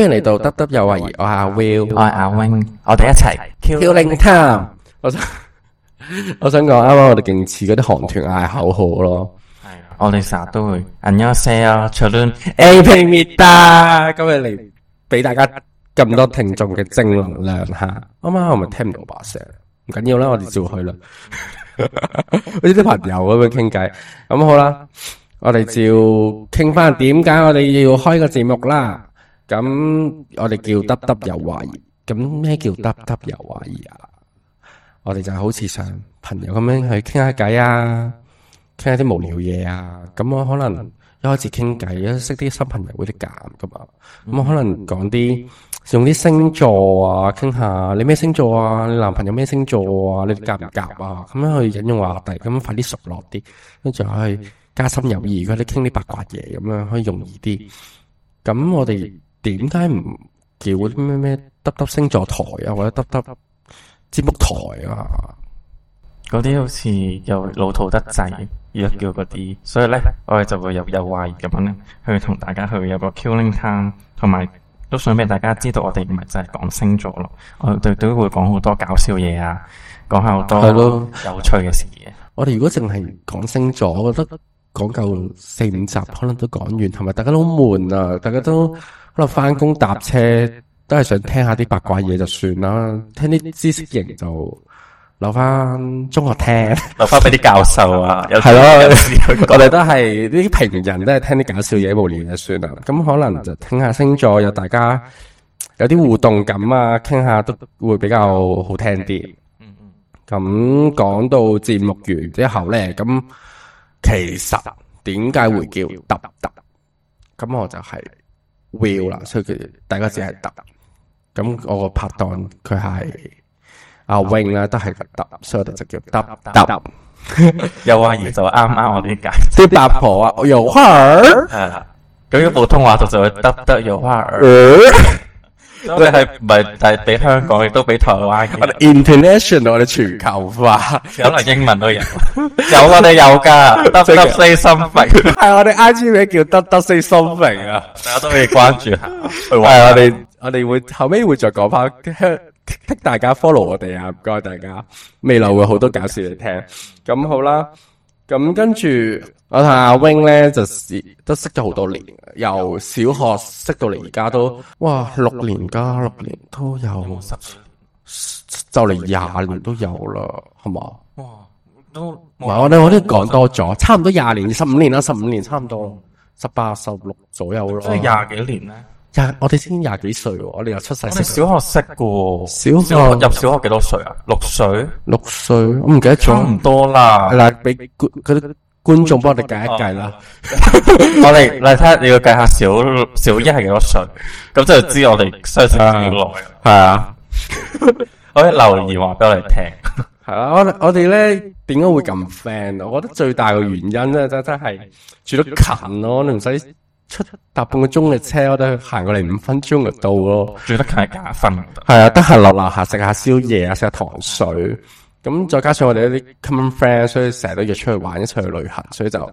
歡迎嚟到，WW 有話兒，我係阿 Will，我係阿 Wing，我哋一齊。Killing time，我想我想講，啱啱我哋勁似嗰啲韓團嗌口號咯。係，我哋成日都會。And you say 啊，除了 A P Mita，今日嚟俾大家咁多聽眾嘅正能量吓。啱啱我咪聽唔到把聲，唔緊要啦，我哋照去啦。好似啲朋友咁樣傾偈，咁好啦，我哋照傾翻點解我哋要開個節目啦。咁我哋叫 WW 有話兒，咁咩叫 WW 有話兒啊？我哋就係好似想朋友咁樣去傾下偈啊，傾下啲無聊嘢啊。咁我可能一開始傾偈，識啲新朋友會啲夾噶嘛。咁我可能講啲用啲星座啊，傾下你咩星座啊，你男朋友咩星座啊，你夾唔夾啊？咁樣去引用話題，咁快啲熟落啲，跟住可以加深友誼。如果你傾啲八卦嘢咁樣，可以容易啲。咁我哋。點解唔叫啲咩咩，得得星座台啊？或者得得節目台啊？嗰啲好似又老土得滯，而家叫嗰啲，所以咧我哋就會有話兒咁樣去同大家去有個 killing time，同埋都想俾大家知道，我哋唔係淨係講星座咯，我哋都會講好多搞笑嘢啊，講下好多係咯有趣嘅事嘅。的我哋如果淨係講星座，我覺得講夠四五集，可能都講完，同埋大家都好悶啊，大家都。可能翻工搭車都係想聽下啲八卦嘢就算啦，聽啲知識型就留翻中學聽，留翻俾啲教授啊，係咯。我哋都係呢啲平人都係聽啲搞笑嘢、無聊嘢算啦。咁可能就聽下星座，有大家有啲互動感啊，傾下都會比較好聽啲。嗯嗯。咁講到節目完之後咧，咁其實點解會叫 WW？咁我就係。Wil 啦，所以佢大家只係 double 咁我個拍檔佢係阿 wing 啦，都係個 double 所以就叫 double double 有話兒就啱啱我啲解啲八婆 double 啊有花兒，咁用普通話就就 double double 有花兒。我哋係唔係，但係比香港亦都比台灣，我哋 international，我哋全球化，有冇英文都有，有我哋有噶，得得心病，係我哋 IG 名叫得得心病啊，大家都可以關注下，係我哋我哋會後尾會再講下，希望大家 follow 我哋啊，唔該大家，未來會好多搞笑嚟聽，咁好啦。咁跟住，我同阿 Wing 咧，就是都識咗好多年，由小學識到嚟而家都，哇，六年加六年都有，就嚟廿年都有啦，係嘛？哇，都，唔係我哋我哋講多咗，差唔多廿年，十五年啦，十五年差唔多，十八、十六左右咯。即係廿幾年咧。廿，20, 我哋先廿幾歲，我哋又出世識，小學識噶，小學入小學幾多歲啊？六歲， 六歲，我唔記得咗，差唔多啦。嗱，俾嗰啲觀眾幫我哋計一計啦。我哋嚟睇下，你要計下小小一係幾多歲？咁就知我哋相識幾耐。係啊，可以留言話俾我哋聽。係啦，我我哋咧點解會咁 friend？我覺得最大嘅原因咧、就是，真真係住得近咯，你唔使。出搭半個鐘嘅車，我都去行過嚟五分鐘就到咯。住得近係假瞓，係啊，得閒落樓下食下宵夜啊，食下糖水。咁再加上我哋一啲 common friend，所以成日都約出去玩，一齊去旅行，所以就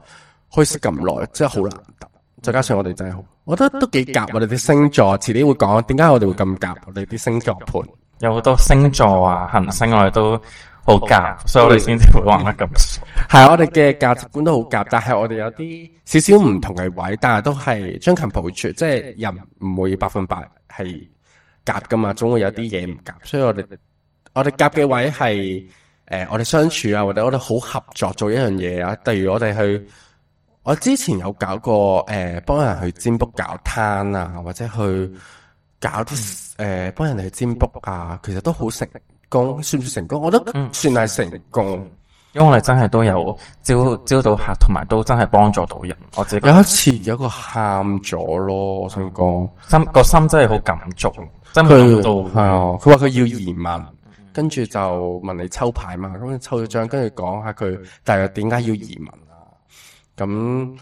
可以識咁耐，真係好難得。再加上我哋真係好，我覺得都幾夾。嗯、我哋啲星座遲啲會講點解我哋會咁夾，嗯、我哋啲星座盤有好多星座啊，行星我哋都。嗯好夾，夾夾所以我哋先至會玩得咁熟，嗯。係， 我哋嘅價值觀都好夾，但係我哋有啲少少唔同嘅位，但係都係將近保住。即係人唔會百分百係夾㗎嘛，總會有啲嘢唔夾。所以我哋我哋夾嘅位係誒，我哋，呃、相處啊，或者我哋好合作做一樣嘢啊。例如我哋去，我之前有搞過誒，幫、呃、人去占卜搞攤啊，或者去搞誒，幫、嗯呃、人哋去占卜啊，其實都好食。功算唔算成功？我覺得算係成功，嗯、因為我哋真係都有招招、嗯、到客，同埋都真係幫助到人。我自己有一次有一個喊咗咯，我想講心個心真係好感觸，嗯、真係感動。係啊，佢話佢要移民，跟住、嗯、就問你抽牌嘛，咁抽咗張，跟住講下佢，但係點解要移民啊？咁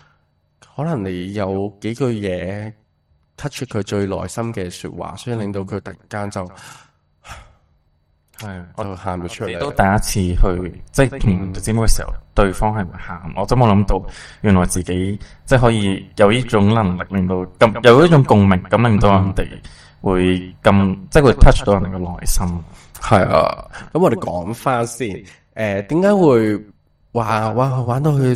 可能你有幾句嘢 touch 出佢最內心嘅說話，所以令到佢突然間就。係，對我都喊唔出嚟。都第一次去，即係同節目嘅時候，對方係會喊。我真冇諗到，原來自己即係、就是、可以有呢種能力令到，令到咁有呢種共鳴，咁、就、令、是、到人哋會咁，即係會 touch 到人哋嘅內心。係、嗯、啊，咁、嗯、我哋講翻先，誒、呃，點解會？話哇，哇玩到去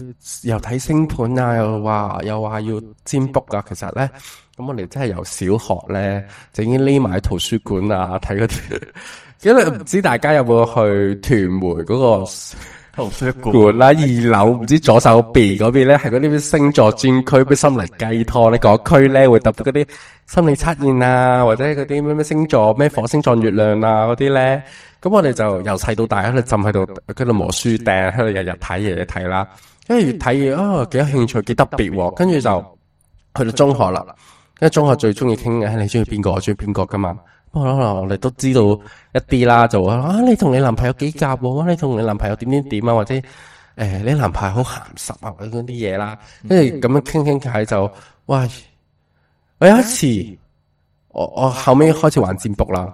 又睇星盤啊，又話又話要占卜噶啊，其實咧，咁我哋真係由小學咧就已經匿埋喺圖書館啊睇嗰啲， 因為唔知大家有冇去屯門嗰個。 圖書館啦，Good, 二樓唔知左手邊嗰邊咧係嗰啲咩星座專區，咩心靈雞湯、那個、呢個區咧會揼到嗰啲心理測驗啊，或者嗰啲咩咩星座咩火星撞月亮啊嗰啲咧，咁我哋就由細到大喺度浸喺度，喺度磨書訂，喺度日日睇嘢睇啦。跟住越睇嘢啊幾有興趣，幾特別、啊，跟住就去到中學啦，因為中學最中意傾嘅，你中意邊個？我中意邊個㗎嘛？ 我諗我哋都知道一啲啦，就話啊你同你男朋友幾夾喎，啊，你同你男朋友點點點啊，或者誒、哎、你男朋友好鹹濕啊或者嗰啲嘢啦，跟住咁樣傾傾偈就，喂我有一次我我後尾開始玩占卜啦，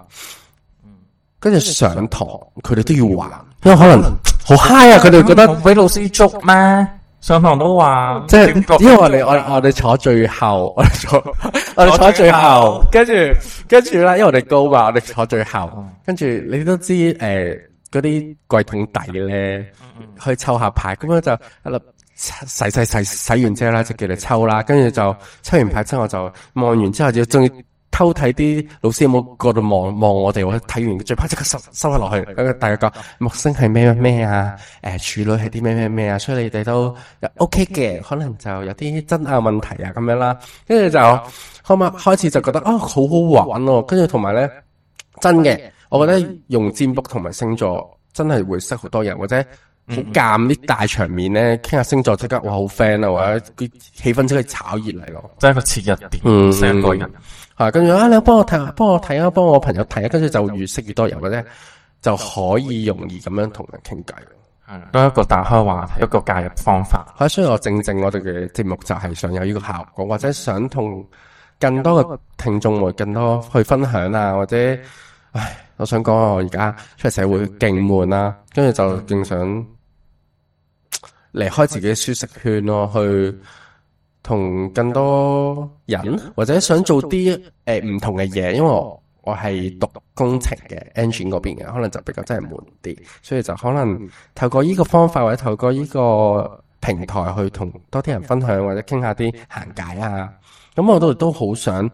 跟住上堂佢哋都要玩，因為可能好嗨啊，佢哋覺得俾老師捉咩？ 上堂都話，即係因為我哋我我哋坐最後，我哋坐我哋坐最後，跟住跟住咧，因為我哋高嘛，我哋坐最後，跟住你都知誒，嗰啲櫃桶底咧去抽下牌，咁樣就一粒洗洗洗洗完之後咧就叫你抽啦，跟住就抽完牌之後我就望完之後就中意。偷睇啲老師有冇過度望望我哋，我睇完最怕即刻收收返落去，大家講木星係咩咩啊，誒、呃、處女係啲咩咩咩啊，所以你哋都 OK 嘅，可能就有啲真拗問題啊咁樣啦，跟住就後屘開始就覺得啊、哦、好好玩咯、啊，跟住同埋咧真嘅，我覺得用占卜同埋星座真係會識好多人或者。好尷啲大場面咧，傾下星座，即刻哇好 friend 啊！或者啲氣氛即係炒熱嚟咯，即係一個切入點，成個人係，跟住啊你幫我睇，幫我睇啊，幫我,我,我朋友睇啊，跟住就越識越多人嘅咧，就可以容易咁樣同人傾偈，係對，都一個打開話題，一個介入方法。所以我正正我哋嘅節目就係想有呢個效果，或者想同更多嘅聽眾會更多去分享啊，或者唉，我想講下我而家出嚟社會勁悶啊，跟住就勁想。離開自己舒適圈咯，啊，去同更多人，或者想做啲誒唔同嘅嘢，因為我我係讀工程嘅，engine 嗰邊嘅，可能就比較真係悶啲，所以就可能透過呢個方法或者透過呢個平台去同多啲人分享，或者傾下啲行偈啊。咁、嗯、我都都好想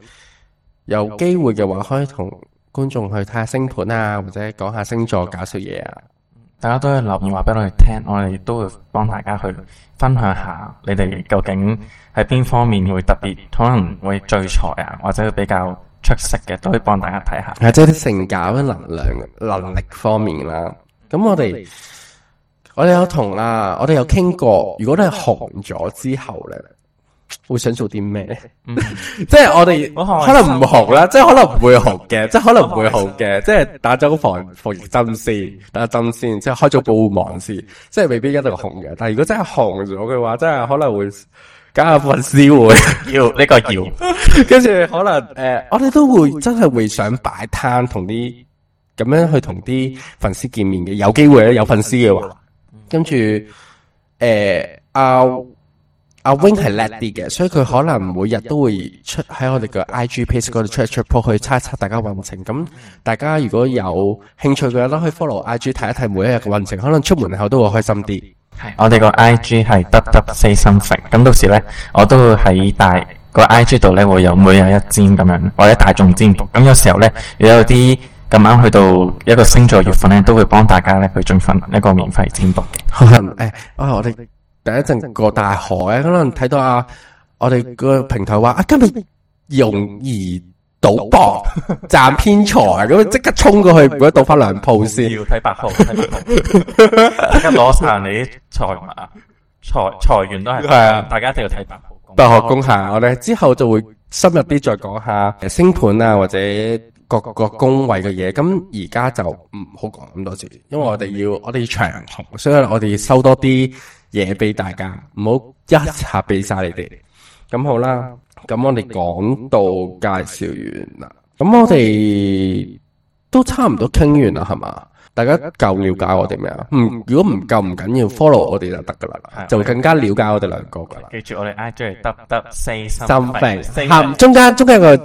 有機會嘅話，可以同觀眾去睇下星盤啊，或者講下星座搞笑嘢啊。大家都去留言話俾我哋聽，我哋都會幫大家去分享下你哋究竟喺邊方面會特別，可能會聚財啊，或者會比較出色嘅，都可以幫大家睇下。係即係性格、就是、能量、能力方面啦。咁我哋我哋有同啊，我哋有傾過。如果你係紅咗之後咧？會想做啲咩？ 即係我哋可能唔紅啦， 即係可能唔會紅嘅， 即係可能唔會紅嘅， 即係打咗防防疫針先，打針先，即係開咗保護網先，即係未必一定紅嘅。但係如果真係紅咗嘅話，真係可能會加粉絲會 這個要呢個叫，跟住可能誒、呃，我哋都會真係會想擺攤，同啲咁樣去同啲粉絲見面嘅，有機會咧，有粉絲嘅話，跟住誒阿。呃啊阿 wing 係叻啲嘅，所以佢可能每日都會出喺我哋嘅 IG page 嗰度出一出波去猜一猜大家運程。咁大家如果有興趣嘅話，都可以 follow IG 睇一睇每一日嘅運程，可能出門口都會開心啲。係，我哋個 IG 係 ww say something。咁到時咧，我都會喺大個 IG 度咧，會有每日一占咁樣或者大眾占卜。咁有時候咧，有啲咁啱去到一個星座月份咧，都會幫大家咧去贈送一個免費占卜。好誒，我哋。第一陣過大海，可能睇到啊，我哋個平台話啊今日容易賭博賺偏財，咁即刻衝過去，如果賭翻兩鋪先，要睇白號，睇白號攞晒你啲財嘛財財源都係係啊，大家一定要睇白號。白號攻下，我哋之後就會深入啲再講下星盤啊或者。各個工位嘅嘢，咁而家就唔好講咁多字，因為我哋要我哋長，所以我哋要收多啲嘢俾大家，唔好一下俾晒你哋。咁好啦，咁我哋講到介紹完啦，咁我哋都差唔多傾完啦，係嘛？大家夠了解我哋咩？唔如果唔夠唔緊要，follow 我哋就得噶啦，就更加了解我哋兩個噶啦。記住我哋 I G 得得 say something，係中間中間有個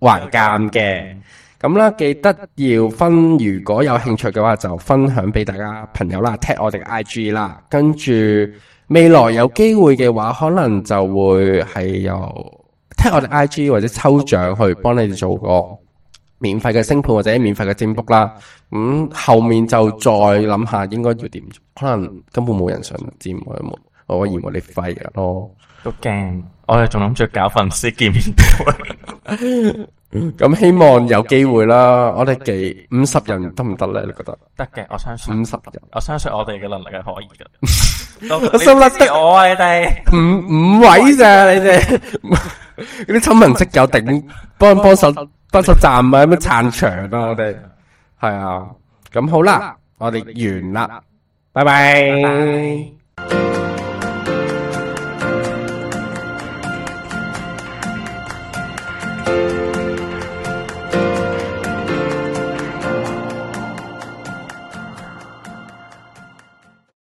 橫槓嘅。咁啦，記得要分。如果有興趣嘅話，就分享俾大家朋友啦，tag 我哋嘅 I G 啦。跟住未來有機會嘅話，可能就會係由 tag 我哋 I G 或者抽獎去幫你哋做個免費嘅星盤或者免費嘅占卜啦。咁、嗯、後面就再諗下應該要點做，可能根本冇人想占，可我冇，我而我哋廢咯。都驚，我哋仲諗住搞份 C G 面咁希望有機會啦，我哋幾五十人得唔得咧？你覺得？得嘅，我相信五十人，我相信我哋嘅能力係可以嘅。收啦，得 我啊，你哋五位五位咋？你哋啲親民職有頂，幫幫手，幫、啊、手，手站咪咩撐場啊！我哋係啊，咁好啦，我哋完啦，拜拜。拜拜。